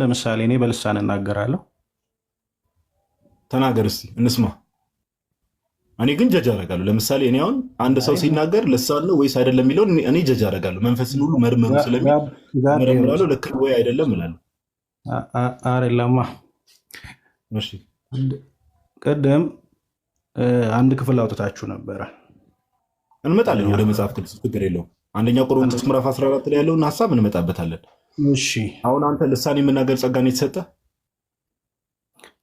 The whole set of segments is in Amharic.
ለምሳሌ እኔ በልሳን እናገራለሁ። ተናገር እስኪ እንስማ። እኔ ግን ጀጅ አደርጋለሁ። ለምሳሌ እኔ አሁን አንድ ሰው ሲናገር ልሳን ነው ወይስ አይደለም የሚለውን እኔ ጀጅ አደርጋለሁ። መንፈስን ሁሉ መርምሩ ስለሚመረምራለሁ። ልክ ወይ አይደለም እላለሁ። ቅድም አንድ ክፍል አውጥታችሁ ነበረ። እንመጣለን ወደ መጽሐፍ ቅዱስ ችግር የለውም። አንደኛ ቆሮንቶስ ምዕራፍ 14 ላይ ያለውን ሀሳብ እንመጣበታለን። እሺ አሁን አንተ ልሳኔ የምናገር ጸጋን የተሰጠ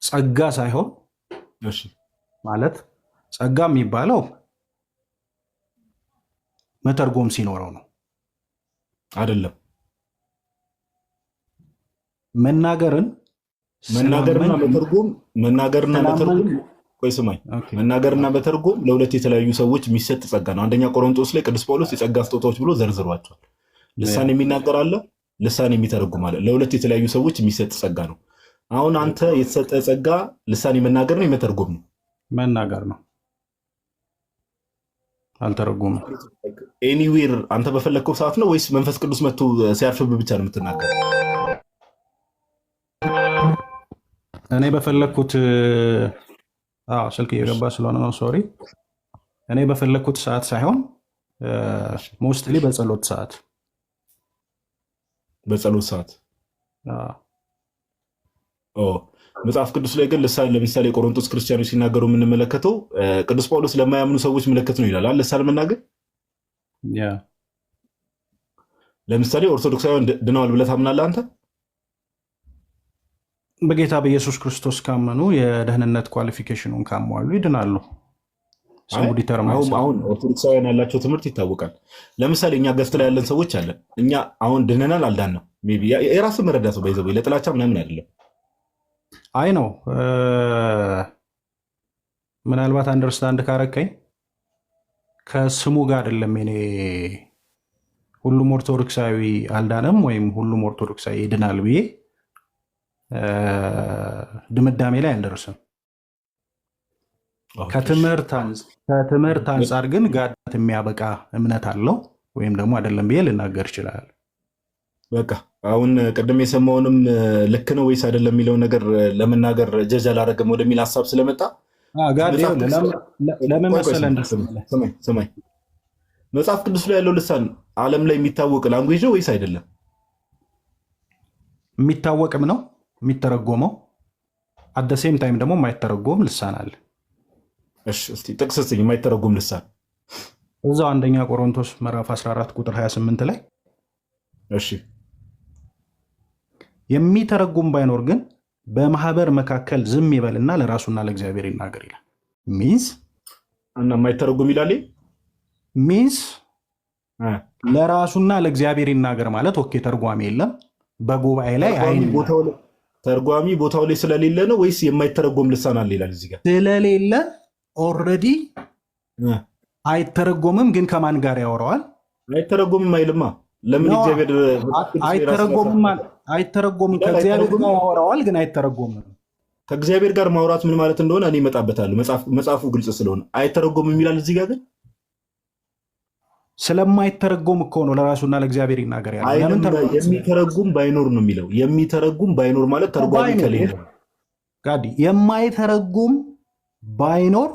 ጸጋ ሳይሆን ማለት ጸጋ የሚባለው መተርጎም ሲኖረው ነው። አይደለም መናገርን መናገርና መተርጎም መናገርና መተርጎም ቆይ ስማኝ፣ መናገርና መተርጎም ለሁለት የተለያዩ ሰዎች የሚሰጥ ጸጋ ነው። አንደኛ ቆሮንቶስ ላይ ቅዱስ ጳውሎስ የጸጋ ስጦታዎች ብሎ ዘርዝሯቸዋል። ልሳን የሚናገር አለ፣ ልሳን የሚተረጉም አለ። ለሁለት የተለያዩ ሰዎች የሚሰጥ ጸጋ ነው። አሁን አንተ የተሰጠ ጸጋ ልሳን የመናገር ነው የመተርጎም ነው? መናገር ነው። አልተረጉም። ኤኒዌር አንተ በፈለግከው ሰዓት ነው ወይስ መንፈስ ቅዱስ መጥቶ ሲያርፍብህ ብቻ ነው የምትናገር? እኔ በፈለግኩት ስልክ እየገባ ስለሆነ ነው ሶሪ። እኔ በፈለግኩት ሰዓት ሳይሆን ሞስትሊ በጸሎት ሰዓት በጸሎት ሰዓት መጽሐፍ ቅዱስ ላይ ግን ልሳን ለምሳሌ የቆሮንቶስ ክርስቲያኖች ሲናገሩ የምንመለከተው ቅዱስ ጳውሎስ ለማያምኑ ሰዎች ምልክት ነው ይላል። ልሳን መናገር ለምሳሌ ኦርቶዶክሳውያን ድነዋል ብለህ ታምናለህ አንተ? በጌታ በኢየሱስ ክርስቶስ ካመኑ የደህንነት ኳሊፊኬሽኑን ካሟሉ ይድናሉ። አሁን ኦርቶዶክሳውያን ያላቸው ትምህርት ይታወቃል። ለምሳሌ እኛ ገፍት ላይ ያለን ሰዎች አለን። እኛ አሁን ድነናል አልዳንም። የራስ መረዳት ሰው ይዘ ለጥላቻ ምናምን አይደለም። አይ ነው ምናልባት አንደርስታንድ ካረከኝ ከስሙ ጋር አይደለም። እኔ ሁሉም ኦርቶዶክሳዊ አልዳንም ወይም ሁሉም ኦርቶዶክሳዊ ይድናል ብዬ ድምዳሜ ላይ አልደርስም። ከትምህርት አንጻር ግን ጋዳት የሚያበቃ እምነት አለው ወይም ደግሞ አይደለም ብዬ ልናገር ይችላል። በቃ አሁን ቅድም የሰማውንም ልክ ነው ወይስ አይደለም የሚለው ነገር ለመናገር ጀጅ አላደረግም ወደሚል ሀሳብ ስለመጣ ለምን መጽሐፍ ቅዱስ ላይ ያለው ልሳን ዓለም ላይ የሚታወቅ ላንጉጅ ወይስ አይደለም? የሚታወቅም ነው የሚተረጎመው አደ ሴም ታይም ደግሞ የማይተረጎም ልሳን አለ። ጥቅስ ስኝ የማይተረጎም ልሳን እዛው አንደኛ ቆሮንቶስ ምዕራፍ 14 ቁጥር 28 ላይ እሺ የሚተረጉም ባይኖር ግን በማህበር መካከል ዝም ይበልና ለራሱና ለእግዚአብሔር ይናገር ይላል። ሚንስ እና የማይተረጉም ይላል ሚንስ ለራሱና ለእግዚአብሔር ይናገር ማለት ኦኬ፣ ተርጓሚ የለም። በጉባኤ ላይ አይን ተርጓሚ ቦታው ላይ ስለሌለ ነው ወይስ የማይተረጎም ልሳን አለ ይላል እዚህ ጋር? ስለሌለ ኦልሬዲ አይተረጎምም። ግን ከማን ጋር ያወራዋል? አይተረጎምም አይልማ። ለምን እግዚአብሔር አይተረጎምም? ከእግዚአብሔር ጋር ያወራዋል፣ ግን አይተረጎምም። ከእግዚአብሔር ጋር ማውራት ምን ማለት እንደሆነ እኔ እመጣበታለሁ፣ መጽሐፉ ግልጽ ስለሆነ አይተረጎምም ይላል እዚህ ጋር ግን ስለማይተረጎም እኮ ነው ለራሱና ለእግዚአብሔር ይናገር ያለየሚተረጉም ባይኖር ነው የሚለው። የሚተረጉም ባይኖር ማለት ተርጓሚ ከሌለ ጋዲ የማይተረጉም ባይኖር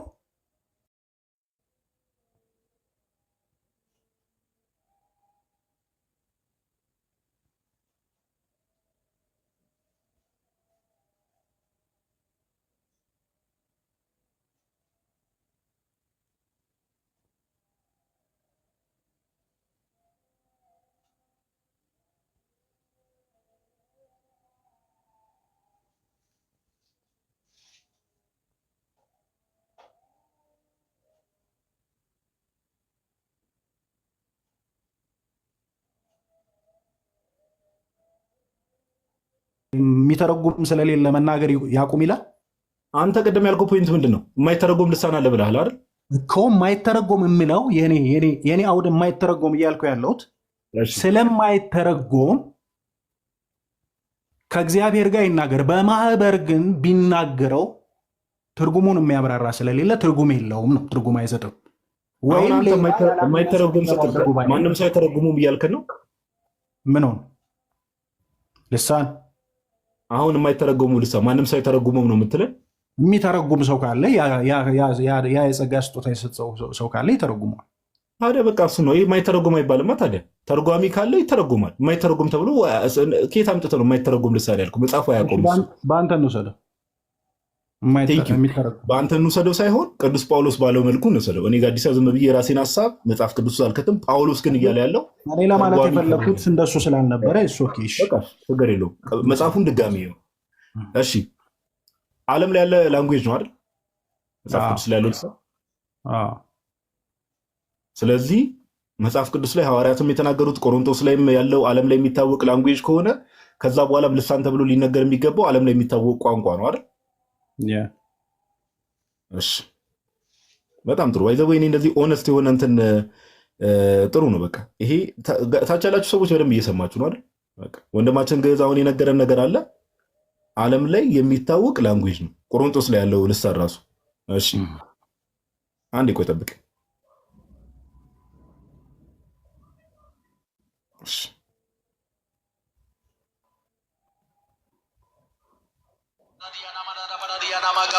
የሚተረጉም ስለሌለ መናገር ያቁም ይላል። አንተ ቅድም ያልከው ፖይንት ምንድን ነው? የማይተረጎም ልሳን አለ ብለሃል አይደል? እኮ የማይተረጎም የምለው የኔ አውድ የማይተረጎም እያልኩ ያለሁት ስለማይተረጎም ከእግዚአብሔር ጋር ይናገር። በማህበር ግን ቢናገረው ትርጉሙን የሚያብራራ ስለሌለ ትርጉም የለውም ነው፣ ትርጉም አይሰጥም። ወይም የማይተረጉም ማንም ሰው አይተረጉሙም እያልክን ነው? ምን ሆን ልሳን አሁን የማይተረጎሙ ልሳ ማንም ሰው የተረጉመው ነው የምትለን የሚተረጉም ሰው ካለ ያ የጸጋ ስጦታ የሰጠው ሰው ካለ ይተረጉመዋል። ታዲያ በቃ እሱ ነው። የማይተረጉም አይባልማ። ታዲያ ተርጓሚ ካለ ይተረጉማል። የማይተረጉም ተብሎ ከየት አምጥተህ ነው የማይተረጉም ልሳን ያልኩህ? መጽሐፉ አያውቀውም። በአንተ ነው ሰደው በአንተ እንውሰደው ሳይሆን ቅዱስ ጳውሎስ ባለው መልኩ እንውሰደው። እኔ ጋር አዲስ ዝም ብዬ የራሴን ሀሳብ መጽሐፍ ቅዱስ አልከትም። ጳውሎስ ግን እያለ ያለው እኔ ለማለት የፈለኩት እንደሱ ስላልነበረ ችግር የለውም። መጽሐፉን ድጋሚ ነው። እሺ ዓለም ላይ ያለ ላንጉዌጅ ነው አይደል? መጽሐፍ ቅዱስ ላይ ያለው ስለዚህ መጽሐፍ ቅዱስ ላይ ሐዋርያትም የተናገሩት ቆሮንቶስ ላይም ያለው ዓለም ላይ የሚታወቅ ላንጉዌጅ ከሆነ ከዛ በኋላም ልሳን ተብሎ ሊነገር የሚገባው ዓለም ላይ የሚታወቅ ቋንቋ ነው አይደል? እሺ በጣም ጥሩ ባይዘ ወይ እንደዚህ ኦነስት የሆነ እንትን ጥሩ ነው። በቃ ይሄ ታች ያላችሁ ሰዎች በደንብ እየሰማችሁ ነው አይደል? ወንድማችን ግዕዝ አሁን የነገረን ነገር አለ። ዓለም ላይ የሚታወቅ ላንጉጅ ነው ቆሮንጦስ ላይ ያለው ልሳን ራሱ። እሺ አንድ ቆይ ጠብቅ።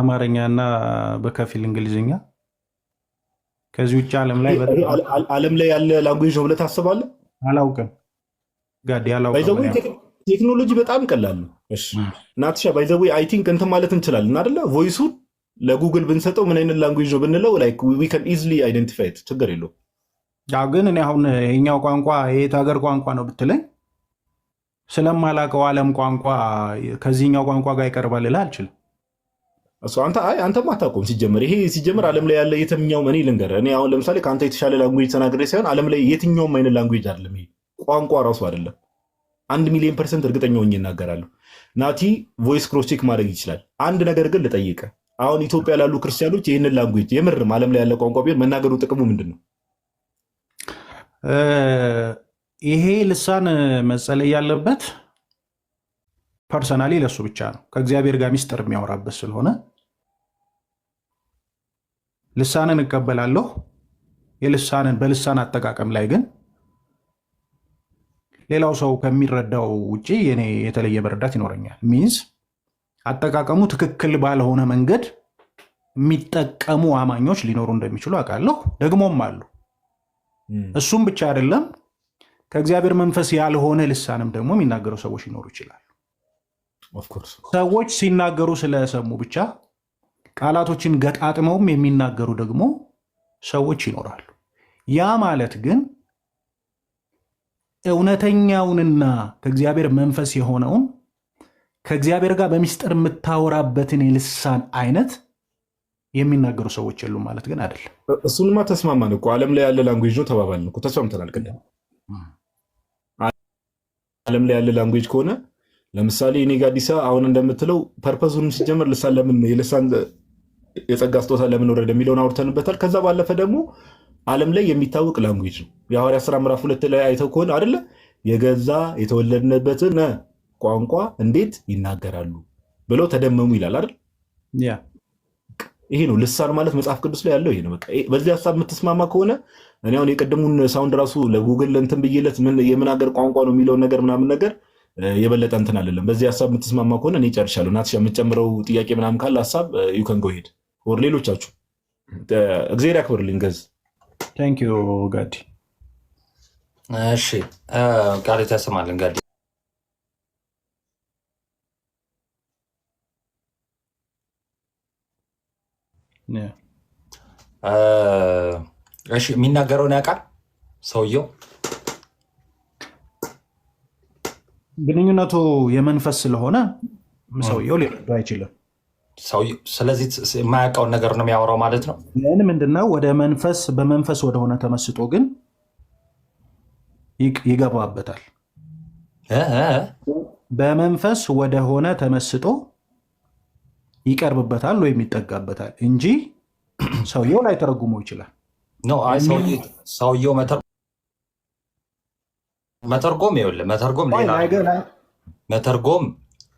አማርኛ እና በከፊል እንግሊዝኛ። ከዚህ ውጭ ዓለም ላይ ዓለም ላይ ያለ ላንጉጅ ነው ብለህ ታስባለህ? አላውቅም ጋዴ አላውቅም። ቴክኖሎጂ በጣም ቀላል ነው። ናትሻ ባይዘዌ አይ ቲንክ እንትን ማለት እንችላለን አደለ? ቮይሱን ለጉግል ብንሰጠው ምን አይነት ላንጉጅ ነው ብንለው ዊ ከን ኢዝሊ አይደንቲፋይ ችግር ያው ግን እኔ አሁን የኛው ቋንቋ የየት ሀገር ቋንቋ ነው ብትለኝ ስለማላውቀው ዓለም ቋንቋ ከዚህኛው ቋንቋ ጋር ይቀርባል ልልህ አልችልም። አንተ አይ አንተም አታውቀውም ሲጀመር። ይሄ ሲጀመር ዓለም ላይ ያለ የትኛውም እኔ ልንገርህ፣ እኔ አሁን ለምሳሌ ከአንተ የተሻለ ላንጉጅ ተናግሬ ሳይሆን ዓለም ላይ የትኛውም አይነት ላንጉጅ አይደለም ይሄ ቋንቋ ራሱ አይደለም። አንድ ሚሊዮን ፐርሰንት እርግጠኛ ሆኜ እናገራለሁ። ናቲ ቮይስ ክሮስቼክ ማድረግ ይችላል። አንድ ነገር ግን ልጠይቀ፣ አሁን ኢትዮጵያ ላሉ ክርስቲያኖች ይህንን ላንጉጅ የምርም ዓለም ላይ ያለ ቋንቋ ቢሆን መናገሩ ጥቅሙ ምንድን ነው? ይሄ ልሳን መጸለይ ያለበት ፐርሰናሊ ለሱ ብቻ ነው። ከእግዚአብሔር ጋር ሚስጥር የሚያወራበት ስለሆነ ልሳንን እቀበላለሁ። የልሳንን በልሳን አጠቃቀም ላይ ግን ሌላው ሰው ከሚረዳው ውጭ እኔ የተለየ መረዳት ይኖረኛል። ሚንስ አጠቃቀሙ ትክክል ባልሆነ መንገድ የሚጠቀሙ አማኞች ሊኖሩ እንደሚችሉ አውቃለሁ። ደግሞም አሉ። hmm. እሱም ብቻ አይደለም፣ ከእግዚአብሔር መንፈስ ያልሆነ ልሳንም ደግሞ የሚናገሩ ሰዎች ሊኖሩ ይችላሉ። ሰዎች ሲናገሩ ስለሰሙ ብቻ ቃላቶችን ገጣጥመውም የሚናገሩ ደግሞ ሰዎች ይኖራሉ። ያ ማለት ግን እውነተኛውንና ከእግዚአብሔር መንፈስ የሆነውን ከእግዚአብሔር ጋር በሚስጥር የምታወራበትን የልሳን አይነት የሚናገሩ ሰዎች የሉም ማለት ግን አይደለም። እሱንማ ተስማማን እኮ ዓለም ላይ ያለ ላንጉጅ ነው ተባባልን እኮ ተስማምተናል። ቅድም ዓለም ላይ ያለ ላንጉጅ ከሆነ ለምሳሌ እኔ ጋር አሁን እንደምትለው ፐርፐዙንም ሲጀመር ልሳን ለምን የልሳን የጸጋ ስጦታ ለምን ወረደ የሚለውን አውርተንበታል። ከዛ ባለፈ ደግሞ ዓለም ላይ የሚታወቅ ላንጉጅ ነው። የሐዋርያት ስራ ምዕራፍ ሁለት ላይ አይተው ከሆነ አደለ የገዛ የተወለድንበትን ቋንቋ እንዴት ይናገራሉ ብለው ተደመሙ ይላል አይደል? ይሄ ነው ልሳን ማለት መጽሐፍ ቅዱስ ላይ ያለው ይሄ ነው። በቃ በዚህ ሀሳብ የምትስማማ ከሆነ እኔ አሁን የቀድሙን ሳውንድ ራሱ ለጉግል እንትን ብዬለት የምን ሀገር ቋንቋ ነው የሚለውን ነገር ምናምን ነገር የበለጠ እንትን አይደለም። በዚህ ሀሳብ የምትስማማ ከሆነ እኔ ጨርሻለሁ። ናትሻ የምትጨምረው ጥያቄ ምናምን ካለ ሀሳብ ዩከን ጎ ሄድ ወር ሌሎቻችሁ እግዜር ያክብርልኝ። ገዝ ታንክ ዩ ጋዲ። እሺ ቃል ያሰማልን ጋዲ። እሺ የሚናገረውን ያውቃል ሰውየው። ግንኙነቱ የመንፈስ ስለሆነ ሰውየው ሊረዱ አይችልም። ስለዚህ የማያውቀውን ነገር ነው የሚያወራው ማለት ነው። ግን ምንድነው ወደ መንፈስ በመንፈስ ወደሆነ ተመስጦ ግን ይገባበታል። በመንፈስ ወደሆነ ተመስጦ ይቀርብበታል ወይም ይጠጋበታል እንጂ ሰውየው ላይ ተረጉሞ ይችላል። ሰውየው መተርጎም ይኸውልህ፣ መተርጎም ሌላ መተርጎም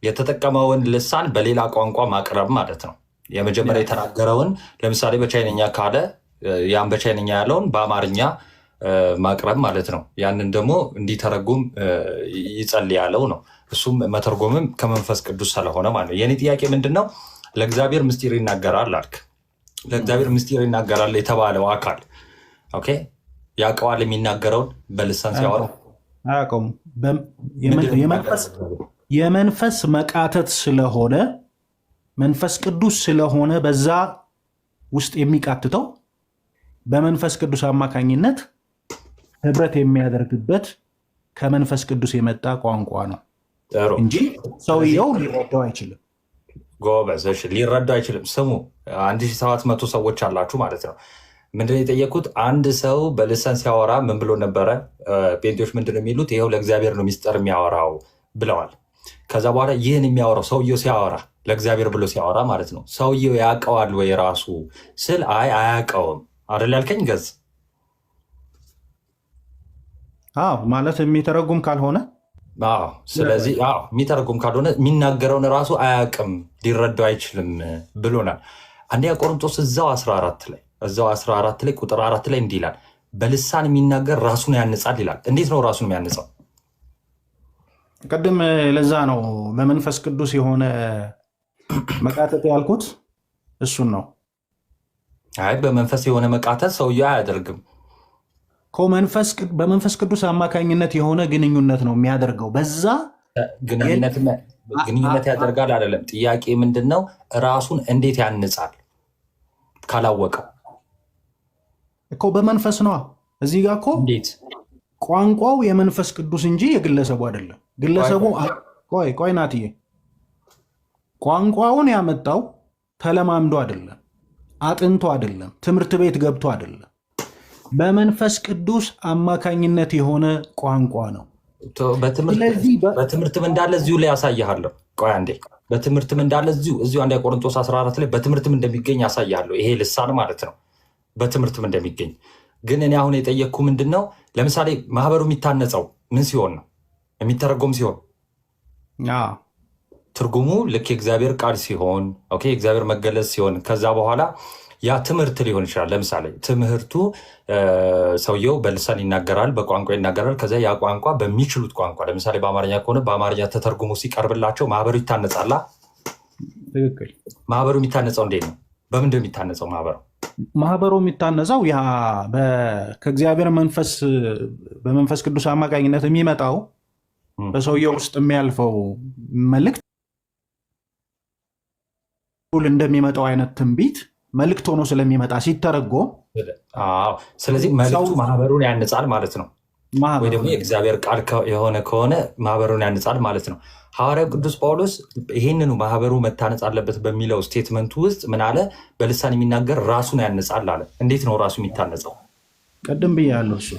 የተጠቀመውን ልሳን በሌላ ቋንቋ ማቅረብ ማለት ነው። የመጀመሪያ የተናገረውን ለምሳሌ በቻይነኛ ካለ ያን በቻይነኛ ያለውን በአማርኛ ማቅረብ ማለት ነው። ያንን ደግሞ እንዲተረጉም ይጸል ያለው ነው። እሱም መተርጎምም ከመንፈስ ቅዱስ ስለሆነ ማለት ነው። የኔ ጥያቄ ምንድን ነው? ለእግዚአብሔር ምስጢር ይናገራል አልክ። ለእግዚአብሔር ምስጢር ይናገራል የተባለው አካል ኦኬ ያውቀዋል። የሚናገረውን በልሳን ሲያወራ አያውቀውም። የመንፈስ መቃተት ስለሆነ መንፈስ ቅዱስ ስለሆነ በዛ ውስጥ የሚቃትተው በመንፈስ ቅዱስ አማካኝነት ህብረት የሚያደርግበት ከመንፈስ ቅዱስ የመጣ ቋንቋ ነው እንጂ ሰውየው ሊረዳው አይችልም። ጎበዝ፣ ሊረዳው አይችልም። ስሙ 1700 ሰዎች አላችሁ ማለት ነው። ምንድነው የጠየቁት? አንድ ሰው በልሳን ሲያወራ ምን ብሎ ነበረ? ጴንጤዎች ምንድነው የሚሉት? ይኸው ለእግዚአብሔር ነው ሚስጥር የሚያወራው ብለዋል። ከዛ በኋላ ይህን የሚያወራው ሰውየው ሲያወራ ለእግዚአብሔር ብሎ ሲያወራ ማለት ነው። ሰውየው ያውቀዋል ወይ ራሱ ስል አይ አያውቀውም አይደል ያልከኝ ገዝ ማለት የሚተረጉም ካልሆነ ስለዚህ የሚተረጉም ካልሆነ የሚናገረውን ራሱ አያውቅም ሊረዳው አይችልም ብሎናል። አንደኛ ቆሮንቶስ እዛው 14 ላይ እዛው 14 ላይ ቁጥር አራት ላይ እንዲህ ይላል፣ በልሳን የሚናገር ራሱን ያንጻል ይላል። እንዴት ነው ራሱን የሚያንጻው? ቅድም ለዛ ነው በመንፈስ ቅዱስ የሆነ መቃተት ያልኩት እሱን ነው። አይ በመንፈስ የሆነ መቃተት ሰውዬው አያደርግም በመንፈስ ቅዱስ አማካኝነት የሆነ ግንኙነት ነው የሚያደርገው። በዛ ግንኙነት ያደርጋል አይደለም። ጥያቄ ምንድን ነው? ራሱን እንዴት ያንጻል? ካላወቀው እኮ በመንፈስ ነዋ። እዚህ ጋር እኮ ቋንቋው የመንፈስ ቅዱስ እንጂ የግለሰቡ አይደለም። ግለሰቡ ቆይ ቆይ ናትዬ ቋንቋውን ያመጣው ተለማምዶ አይደለም፣ አጥንቶ አይደለም፣ ትምህርት ቤት ገብቶ አይደለም። በመንፈስ ቅዱስ አማካኝነት የሆነ ቋንቋ ነው። በትምህርትም እንዳለ እዚሁ ላይ ያሳይሃለሁ። ቆይ አንዴ በትምህርትም እንዳለ እዚሁ እዚሁ አንድ ቆሮንቶስ 14 ላይ በትምህርትም እንደሚገኝ ያሳያለሁ። ይሄ ልሳን ማለት ነው። በትምህርትም እንደሚገኝ ግን እኔ አሁን የጠየቅኩ ምንድን ነው፣ ለምሳሌ ማህበሩ የሚታነጸው ምን ሲሆን ነው? የሚተረጎም ሲሆን ትርጉሙ ልክ የእግዚአብሔር ቃል ሲሆን የእግዚአብሔር መገለጽ ሲሆን ከዛ በኋላ ያ ትምህርት ሊሆን ይችላል። ለምሳሌ ትምህርቱ ሰውየው በልሳን ይናገራል፣ በቋንቋ ይናገራል። ከዚያ ያ ቋንቋ በሚችሉት ቋንቋ ለምሳሌ በአማርኛ ከሆነ በአማርኛ ተተርጉሞ ሲቀርብላቸው ማህበሩ ይታነጻላ። ትክክል። ማህበሩ የሚታነጸው እንዴት ነው? በምንድን የሚታነጸው ማህበሩ? ማህበሩ የሚታነጸው ያ ከእግዚአብሔር መንፈስ በመንፈስ ቅዱስ አማካኝነት የሚመጣው በሰውየው ውስጥ የሚያልፈው መልእክት እንደሚመጣው አይነት ትንቢት መልእክት ሆኖ ስለሚመጣ ሲተረጎም፣ ስለዚህ መልእክቱ ማህበሩን ያንጻል ማለት ነው። ወይ ደግሞ የእግዚአብሔር ቃል የሆነ ከሆነ ማህበሩን ያንጻል ማለት ነው። ሐዋርያው ቅዱስ ጳውሎስ ይህንኑ ማህበሩ መታነጽ አለበት በሚለው ስቴትመንቱ ውስጥ ምን አለ? በልሳን የሚናገር ራሱን ያንጻል አለ። እንዴት ነው ራሱ የሚታነጸው? ቀደም ብያለሁ እሱ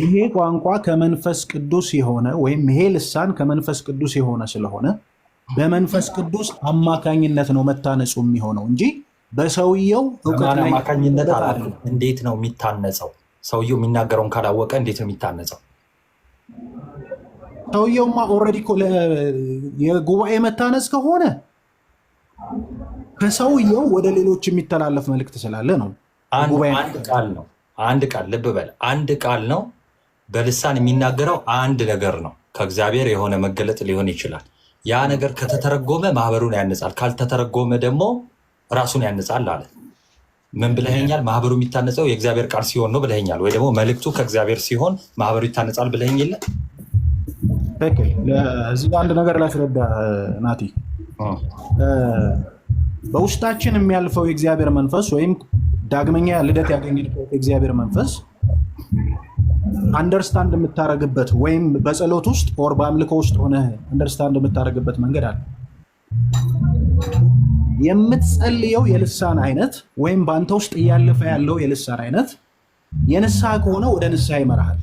ይሄ ቋንቋ ከመንፈስ ቅዱስ የሆነ ወይም ይሄ ልሳን ከመንፈስ ቅዱስ የሆነ ስለሆነ በመንፈስ ቅዱስ አማካኝነት ነው መታነጹ የሚሆነው እንጂ በሰውየው እውቀት አማካኝነት እንዴት ነው የሚታነጸው? ሰውየው የሚናገረውን ካላወቀ እንዴት ነው የሚታነጸው? ሰውየውማ ኦልሬዲ የጉባኤ መታነጽ ከሆነ ከሰውየው ወደ ሌሎች የሚተላለፍ መልእክት ስላለ ነው። አንድ ቃል ነው አንድ ቃል ልብ በል፣ አንድ ቃል ነው። በልሳን የሚናገረው አንድ ነገር ነው። ከእግዚአብሔር የሆነ መገለጥ ሊሆን ይችላል። ያ ነገር ከተተረጎመ ማህበሩን ያነጻል፣ ካልተተረጎመ ደግሞ ራሱን ያነጻል አለ። ምን ብለኸኛል? ማህበሩ የሚታነጸው የእግዚአብሔር ቃል ሲሆን ነው ብለኸኛል። ወይ ደግሞ መልእክቱ ከእግዚአብሔር ሲሆን ማህበሩ ይታነጻል ብለኝ የለ። እዚህ አንድ ነገር ላስረዳ ናቲ። በውስጣችን የሚያልፈው የእግዚአብሔር መንፈስ ወይም ዳግመኛ ልደት ያገኘበት የእግዚአብሔር መንፈስ አንደርስታንድ የምታረግበት ወይም በጸሎት ውስጥ ኦር በአምልኮ ውስጥ ሆነ አንደርስታንድ የምታረግበት መንገድ አለ። የምትጸልየው የልሳን አይነት ወይም በአንተ ውስጥ እያለፈ ያለው የልሳን አይነት የንስሐ ከሆነ ወደ ንስሐ ይመርሃል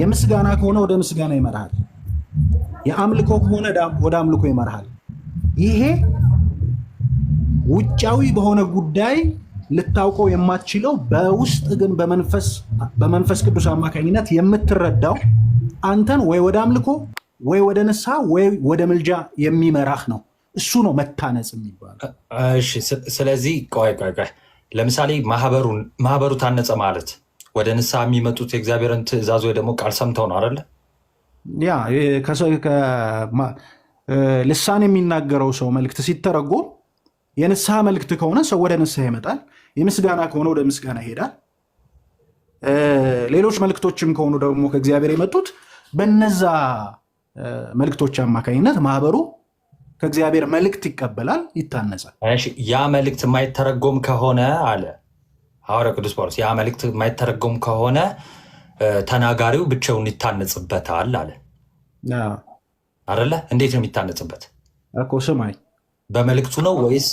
የምስጋና ከሆነ ወደ ምስጋና ይመራሃል። የአምልኮ ከሆነ ወደ አምልኮ ይመራሃል። ይሄ ውጫዊ በሆነ ጉዳይ ልታውቀው የማትችለው በውስጥ ግን በመንፈስ ቅዱስ አማካኝነት የምትረዳው አንተን ወይ ወደ አምልኮ ወይ ወደ ንስሐ ወይ ወደ ምልጃ የሚመራህ ነው። እሱ ነው መታነጽ የሚባለው። ስለዚህ ቆይ ቆይ ቆይ ለምሳሌ ማህበሩ ታነጸ ማለት ወደ ንስሐ የሚመጡት የእግዚአብሔርን ትእዛዝ ወይ ደግሞ ቃል ሰምተው ነው አይደለ? ያ ልሳን የሚናገረው ሰው መልእክት ሲተረጎም የንስሐ መልእክት ከሆነ ሰው ወደ ንስሐ ይመጣል። የምስጋና ከሆነ ወደ ምስጋና ይሄዳል። ሌሎች መልእክቶችም ከሆኑ ደግሞ ከእግዚአብሔር የመጡት በነዛ መልእክቶች አማካኝነት ማህበሩ ከእግዚአብሔር መልእክት ይቀበላል፣ ይታነጻል። ያ መልእክት የማይተረጎም ከሆነ አለ ሐዋርያ ቅዱስ ጳውሎስ፣ ያ መልእክት የማይተረጎም ከሆነ ተናጋሪው ብቻውን ይታነጽበታል አለ። አደለ? እንዴት ነው የሚታነጽበት? እኮ ስማኝ በመልእክቱ ነው ወይስ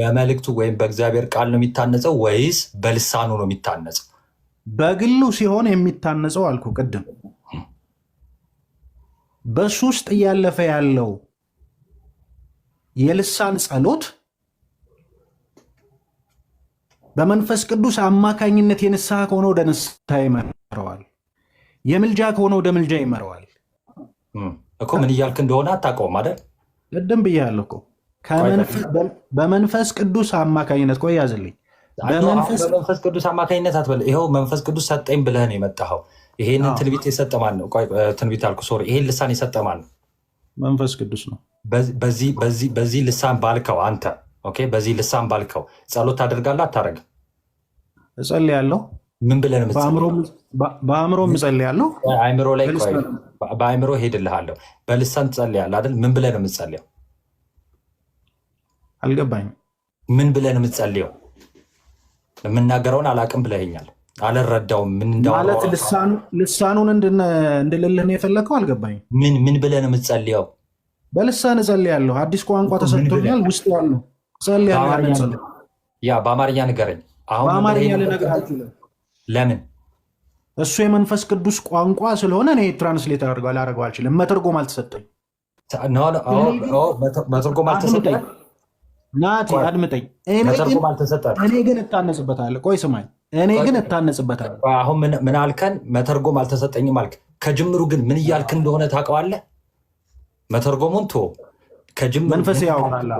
በመልእክቱ ወይም በእግዚአብሔር ቃል ነው የሚታነጸው ወይስ በልሳኑ ነው የሚታነጸው? በግሉ ሲሆን የሚታነጸው አልኩ ቅድም። በሱ ውስጥ እያለፈ ያለው የልሳን ጸሎት በመንፈስ ቅዱስ አማካኝነት የንስሐ ከሆነ ወደ ንስሐ ይመረዋል። የምልጃ ከሆነ ወደ ምልጃ ይመረዋል። እኮ ምን እያልክ እንደሆነ አታውቀውም አይደል? ቅድም ብያለሁ እኮ በመንፈስ ቅዱስ አማካኝነት ቆይ ያዝልኝ። በመንፈስ ቅዱስ አማካኝነት አትበል። ይኸው መንፈስ ቅዱስ ሰጠኝ ብለህ ነው የመጣኸው። ይሄንን ትንቢት የሰጠ ማን ነው? ትንቢት አልኩ፣ ሶሪ። ይሄን ልሳን የሰጠ ማን ነው? መንፈስ ቅዱስ ነው። በዚህ ልሳን ባልከው አንተ፣ ኦኬ፣ በዚህ ልሳን ባልከው ጸሎት ታደርጋለህ አታደርግም? እጸልያለሁ ምን ብለን በአእምሮ ምጸልያለሁ አእምሮ ላይ በአእምሮ ሄድልሃለሁ በልሳን ትጸልያለህ አይደል? ምን ብለን የምትጸልየው አልገባኝም። ምን ብለን የምትጸልየው የምናገረውን አላቅም ብለኛል አልረዳውም። ምን ማለት ልሳኑን እንድልልህ ነው የፈለግከው? አልገባኝም። ምን ምን ብለን የምትጸልየው? በልሳን እጸልያለሁ። አዲስ ቋንቋ ተሰጥቶኛል። ውስጥ ያለው ያ በአማርኛ ንገረኝ። አሁን በአማርኛ ልነግርህ አልችልም ለምን እሱ የመንፈስ ቅዱስ ቋንቋ ስለሆነ እኔ ትራንስሌት ላደርገው አልችልም። መተርጎም አልተሰጠኝ። መተርጎም አልተሰጠኝ። ናቲ አድምጠኝ። እኔ ግን እታነጽበታለሁ። ቆይ ስማኝ። እኔ ግን እታነጽበታለሁ። አሁን ምን አልከን? መተርጎም አልተሰጠኝም አልክ። ከጅምሩ ግን ምን እያልክ እንደሆነ ታውቀዋለህ። መተርጎሙን ቶ ከጅምሩ መንፈሴ ያወራል።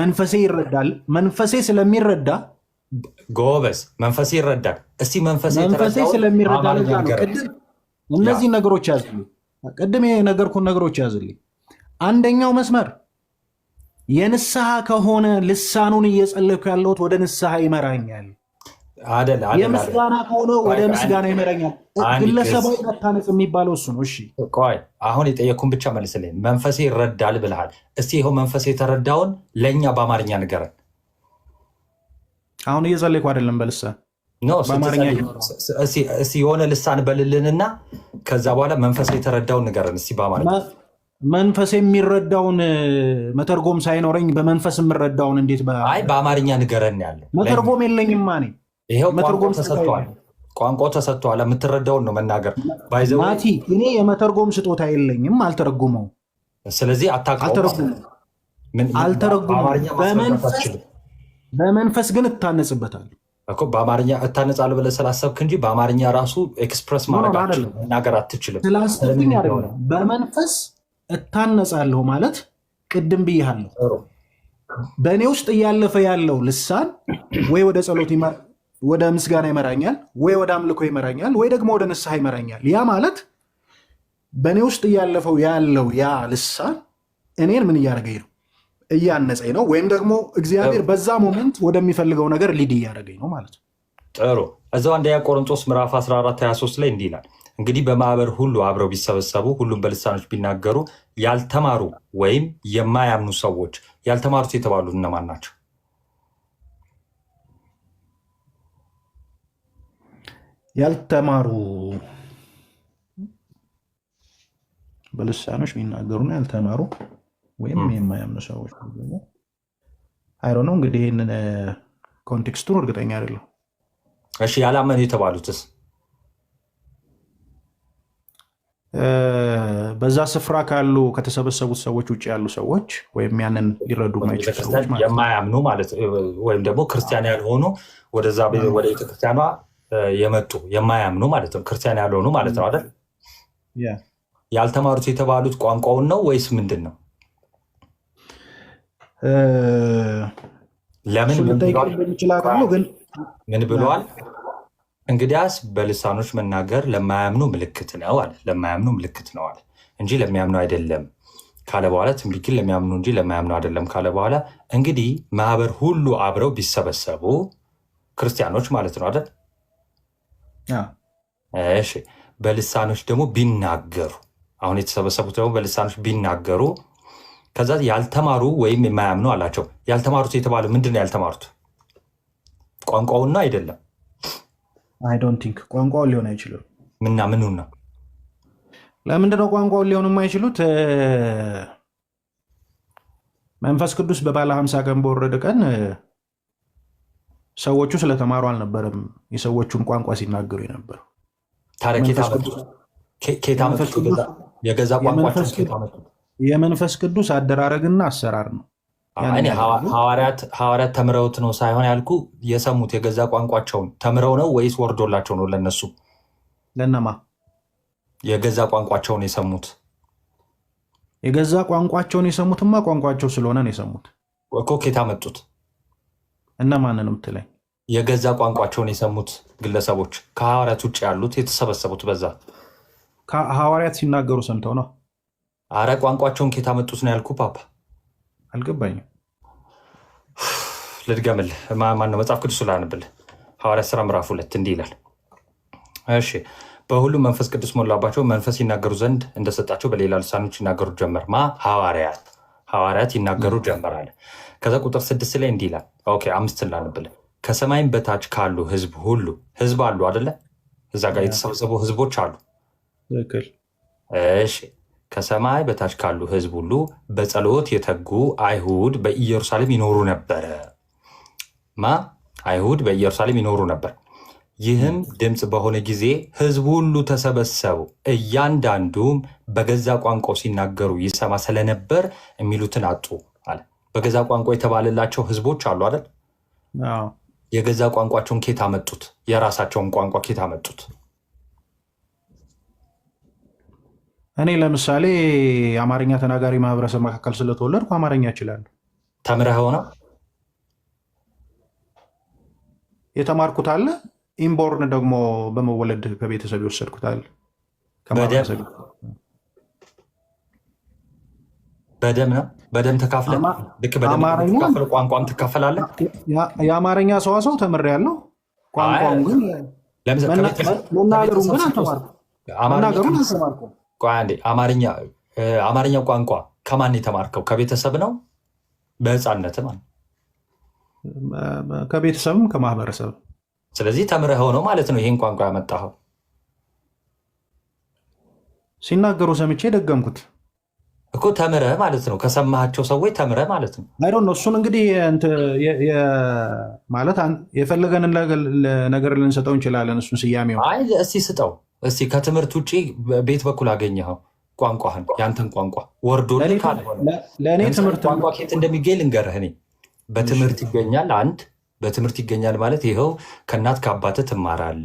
መንፈሴ ይረዳል። መንፈሴ ስለሚረዳ ጎበዝ መንፈሴ ይረዳል። እስቲ መንፈሴ ስለሚረዳ እነዚህ ነገሮች ያዝ ቅድም የነገርኩን ነገሮች ያዝልኝ። አንደኛው መስመር የንስሐ ከሆነ ልሳኑን እየጸለኩ ያለሁት ወደ ንስሐ ይመራኛል። የምስጋና ከሆነ ወደ ምስጋና ይመረኛል። ግለሰባዊ መታነጽ የሚባለው እሱ ነው። እሺ ቆይ አሁን የጠየኩን ብቻ መልስልኝ። መንፈሴ ይረዳል ብልሃል። እስቲ ይኸው መንፈሴ የተረዳውን ለእኛ በአማርኛ ንገረን። አሁን እየጸለይኩ አይደለም በልሳን የሆነ ልሳን በልልንና ከዛ በኋላ መንፈስ የተረዳውን ንገረን እስኪ በአማርኛ መንፈስ የሚረዳውን መተርጎም ሳይኖረኝ በመንፈስ የምረዳውን እንዴት በአማርኛ ንገረን ያለ መተርጎም የለኝም። ማ ይኸው መተርጎም ተሰጥተዋል ቋንቋው ተሰጥተዋል የምትረዳውን ነው መናገር ባይዘማቲ እኔ የመተርጎም ስጦታ የለኝም አልተረጉመው ስለዚህ አታውቀውም አልተረጉመው በመንፈስ ግን እታነጽበታለሁ እኮ በአማርኛ እታነጻለሁ ብለህ ስላሰብክ እንጂ በአማርኛ ራሱ ኤክስፕረስ ማድረግ አትችልም። በመንፈስ እታነጻለሁ ማለት ቅድም ብያለሁ። በእኔ ውስጥ እያለፈ ያለው ልሳን ወይ ወደ ጸሎት ወደ ምስጋና ይመራኛል፣ ወይ ወደ አምልኮ ይመራኛል፣ ወይ ደግሞ ወደ ንስሐ ይመራኛል። ያ ማለት በእኔ ውስጥ እያለፈው ያለው ያ ልሳን እኔን ምን እያደረገኝ ነው? እያነጸኝ ነው፣ ወይም ደግሞ እግዚአብሔር በዛ ሞመንት ወደሚፈልገው ነገር ሊድ እያደረገኝ ነው ማለት ነው። ጥሩ እዛው አንደኛ ቆሮንቶስ ምዕራፍ 14 23 ላይ እንዲህ ይላል እንግዲህ በማህበር ሁሉ አብረው ቢሰበሰቡ ሁሉም በልሳኖች ቢናገሩ ያልተማሩ ወይም የማያምኑ ሰዎች ያልተማሩት የተባሉ እነማን ናቸው? ያልተማሩ በልሳኖች ቢናገሩና ያልተማሩ ወይም የማያምኑ ሰዎች አይሮ ነው እንግዲህ ይህንን ኮንቴክስቱን uh, እርግጠኛ አይደለም። እሺ ያላመኑ የተባሉትስ uh, በዛ ስፍራ ካሉ ከተሰበሰቡት ሰዎች ውጭ ያሉ ሰዎች ወይም ያንን ሊረዱ የማያምኑ ማለት ወይም ደግሞ ክርስቲያን ያልሆኑ ወደዛ ወደ ቤተክርስቲያኗ uh, የመጡ የማያምኑ ማለት ነው። ክርስቲያን ያልሆኑ ማለት ነው አይደል? ያልተማሩት የተባሉት ቋንቋውን ነው ወይስ ምንድን ነው? ለምን ግን ምን ብለዋል? እንግዲያስ በልሳኖች መናገር ለማያምኑ ምልክት ነው አለ። ለማያምኑ ምልክት ነው አለ እንጂ ለሚያምኑ አይደለም ካለ በኋላ ትንቢትን ለሚያምኑ እንጂ ለማያምኑ አይደለም ካለ በኋላ እንግዲህ ማህበር ሁሉ አብረው ቢሰበሰቡ ክርስቲያኖች ማለት ነው አይደል? እሺ በልሳኖች ደግሞ ቢናገሩ አሁን የተሰበሰቡት ደግሞ በልሳኖች ቢናገሩ ከዛ ያልተማሩ ወይም የማያምኑ አላቸው። ያልተማሩት የተባለ ምንድን ነው? ያልተማሩት ቋንቋውና አይደለም። አይ ዶንት ቲንክ ሊሆን አይችልም። ምና ምኑን ነው? ለምንድነው ቋንቋው ሊሆኑ የማይችሉት? መንፈስ ቅዱስ በባለ ሀምሳ ቀን በወረደ ቀን ሰዎቹ ስለተማሩ አልነበረም የሰዎቹን ቋንቋ ሲናገሩ የነበረው ታዲያ ኬታ የገዛ ቋንቋቸው የመንፈስ ቅዱስ አደራረግና አሰራር ነው። ሐዋርያት ተምረውት ነው ሳይሆን ያልኩ የሰሙት የገዛ ቋንቋቸውን ተምረው ነው ወይስ ወርዶላቸው ነው? ለነሱ ለነማ የገዛ ቋንቋቸውን የሰሙት የገዛ ቋንቋቸውን የሰሙትማ ቋንቋቸው ስለሆነ ነው የሰሙት እኮ። ኬታ መጡት እና ማንን ምትለኝ? የገዛ ቋንቋቸውን የሰሙት ግለሰቦች ከሐዋርያት ውጭ ያሉት የተሰበሰቡት በዛ ሐዋርያት ሲናገሩ ሰምተው ነው አረ ቋንቋቸውን ኬታ አመጡት ነው ያልኩ ፓፓ። አልገባኝም። ልድገምልህ። ማነው መጽሐፍ ቅዱስ ላንብልህ። ሐዋርያት ስራ ምዕራፍ ሁለት እንዲህ ይላል። እሺ በሁሉም መንፈስ ቅዱስ ሞላባቸው፣ መንፈስ ይናገሩ ዘንድ እንደሰጣቸው በሌላ ልሳኖች ይናገሩ ጀመር። ማ ሐዋርያት ሐዋርያት ይናገሩ ጀመር አለ። ከዛ ቁጥር ስድስት ላይ እንዲህ ይላል። ኦኬ አምስትን ከሰማይም በታች ካሉ ህዝብ ሁሉ ህዝብ አሉ አደለ? እዛ ጋር የተሰበሰቡ ህዝቦች አሉ። እሺ ከሰማይ በታች ካሉ ሕዝብ ሁሉ በጸሎት የተጉ አይሁድ በኢየሩሳሌም ይኖሩ ነበረ። ማ አይሁድ በኢየሩሳሌም ይኖሩ ነበር። ይህም ድምፅ በሆነ ጊዜ ሕዝቡ ሁሉ ተሰበሰቡ፣ እያንዳንዱም በገዛ ቋንቋው ሲናገሩ ይሰማ ስለነበር የሚሉትን አጡ አለ። በገዛ ቋንቋ የተባለላቸው ሕዝቦች አሉ አይደል? የገዛ ቋንቋቸውን ኬት አመጡት? የራሳቸውን ቋንቋ ኬት አመጡት? እኔ ለምሳሌ አማርኛ ተናጋሪ ማህበረሰብ መካከል ስለተወለድኩ አማርኛ እችላለሁ። ተምረህ ሆነ የተማርኩት አለ፣ ኢምቦርን ደግሞ በመወለድ ከቤተሰብ የወሰድኩት አለ። በደም ነው። በደም ተካፍለ ቋንቋም ትካፈላለህ። የአማርኛ ሰዋሰው ተምሬያለሁ። ቋንቋውን ግን መናገሩን ግን አልተማርኩም። መናገሩን አልተማርኩም። አማርኛ አማርኛ ቋንቋ ከማን የተማርከው? ከቤተሰብ ነው? በህፃነት ከቤተሰብም ከማህበረሰብ። ስለዚህ ተምረኸው ነው ማለት ነው ይህን ቋንቋ ያመጣኸው። ሲናገሩ ሰምቼ ደገምኩት እኮ ተምረህ ማለት ነው። ከሰማሃቸው ሰዎች ተምረህ ማለት ነው። አይ ዶንት ኖ እሱን እንግዲህ ማለት የፈለገንን ነገር ልንሰጠው እንችላለን። እሱን ስያሜው አይ ስጠው እስቲ ከትምህርት ውጭ ቤት በኩል አገኘኸው ቋንቋህን ያንተን ቋንቋ ወርዶ ለእኔ ትምህርት ቋንቋ ኬት እንደሚገኝ ልንገርህ። እኔ በትምህርት ይገኛል። አንድ በትምህርት ይገኛል ማለት ይኸው ከእናት ከአባተ ትማራለ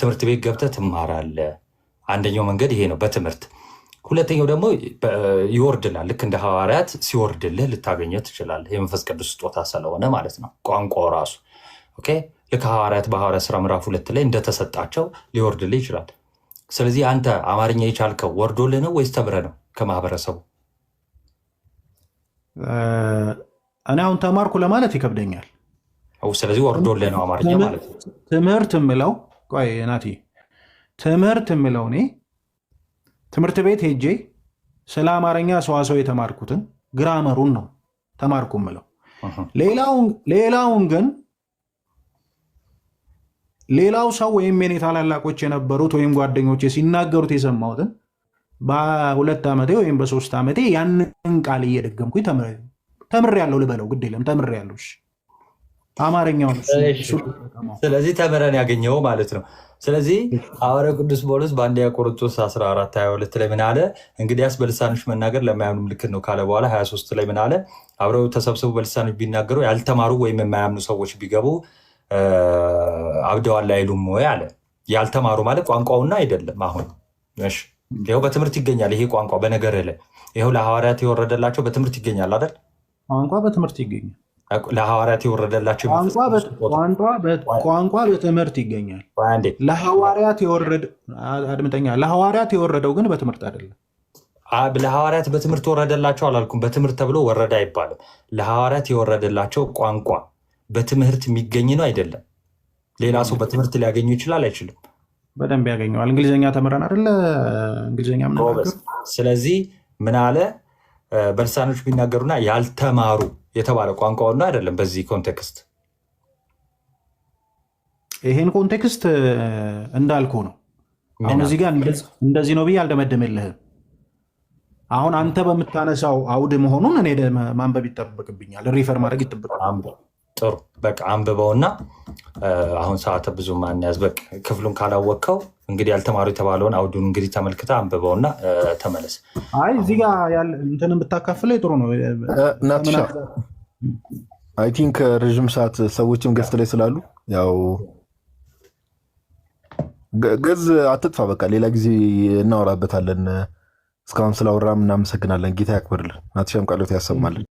ትምህርት ቤት ገብተ ትማራለ አንደኛው መንገድ ይሄ ነው በትምህርት ሁለተኛው ደግሞ ይወርድላል። ልክ እንደ ሐዋርያት ሲወርድልህ ልታገኘው ትችላለህ። የመንፈስ ቅዱስ ስጦታ ስለሆነ ማለት ነው ቋንቋው ራሱ ልክ ሐዋርያት በሐዋርያት ስራ ምዕራፍ ሁለት ላይ እንደተሰጣቸው ሊወርድልህ ይችላል። ስለዚህ አንተ አማርኛ የቻልከው ወርዶልህ ነው ወይስ ተምረህ ነው ከማህበረሰቡ? እኔ አሁን ተማርኩ ለማለት ይከብደኛል። ስለዚህ ወርዶልህ ነው አማርኛ ማለት ትምህርት የምለው ቆይ ናቲ፣ ትምህርት የምለው እኔ ትምህርት ቤት ሄጄ ስለ አማርኛ ሰዋሰው የተማርኩትን ግራመሩን ነው ተማርኩ የምለው። ሌላውን ግን ሌላው ሰው ወይም የኔ ታላላቆች የነበሩት ወይም ጓደኞች ሲናገሩት የሰማሁትን በሁለት ዓመቴ ወይም በሶስት ዓመቴ ያንን ቃል ተምር ተምሬያለሁ ልበለው፣ ግድ የለም ተምሬያለሁ። አማርኛው ስለዚህ ተምረን ያገኘው ማለት ነው። ስለዚህ ሐዋርያው ቅዱስ ጳውሎስ በአንደኛ ቆሮንቶስ 14 22 ላይ ምን አለ? እንግዲያስ በልሳኖች መናገር ለማያምኑ ምልክት ነው ካለ በኋላ 23 ላይ ምን አለ? አብረው ተሰብስበው በልሳኖች ቢናገሩ ያልተማሩ ወይም የማያምኑ ሰዎች ቢገቡ አብደዋል አይሉም ወይ አለ። ያልተማሩ ማለት ቋንቋውና አይደለም። አሁን ይኸው በትምህርት ይገኛል። ይሄ ቋንቋ በነገር ለ ይኸው ለሐዋርያት የወረደላቸው በትምህርት ይገኛል አይደል? ቋንቋ በትምህርት ይገኛል። ለሐዋርያት የወረደላቸው ቋንቋ በትምህርት ይገኛል። ለሐዋርያት የወረደ አድምጠኛ፣ ለሐዋርያት የወረደው ግን በትምህርት አይደለም። ለሐዋርያት በትምህርት ወረደላቸው አላልኩም። በትምህርት ተብሎ ወረደ አይባልም። ለሐዋርያት የወረደላቸው ቋንቋ በትምህርት የሚገኝ ነው አይደለም። ሌላ ሰው በትምህርት ሊያገኙ ይችላል አይችልም። በደንብ ያገኘዋል። እንግሊዝኛ ተምረን አይደለ? እንግሊዝኛ ስለዚህ ምን አለ በልሳኖች ቢናገሩና ያልተማሩ የተባለ ቋንቋ ነው አይደለም። በዚህ ኮንቴክስት ይሄን ኮንቴክስት እንዳልኩ ነው። አሁን እዚህ ጋር እንደዚህ ነው ብዬ አልደመደምልህም። አሁን አንተ በምታነሳው አውድ መሆኑን እኔ ማንበብ ይጠበቅብኛል፣ ሪፈር ማድረግ ይጠበቅብኛል። ጥሩ በቃ አንብበው እና አሁን ሰዓት ብዙ ማንያዝ በቃ ክፍሉን ካላወቅከው እንግዲህ ያልተማሩ የተባለውን አውዱን እንግዲህ ተመልክተ አንብበው እና ተመለስ። አይ እዚህ ጋ እንትን ብታካፍለ ጥሩ ነው። ናትሻ አይ ቲንክ ረዥም ሰዓት ሰዎችም ገዝት ላይ ስላሉ ያው ገዝ አትጥፋ። በቃ ሌላ ጊዜ እናወራበታለን። እስካሁን ስላወራም እናመሰግናለን። ጌታ ያክብርልን። ናትሻም ቃሎት ያሰማልን።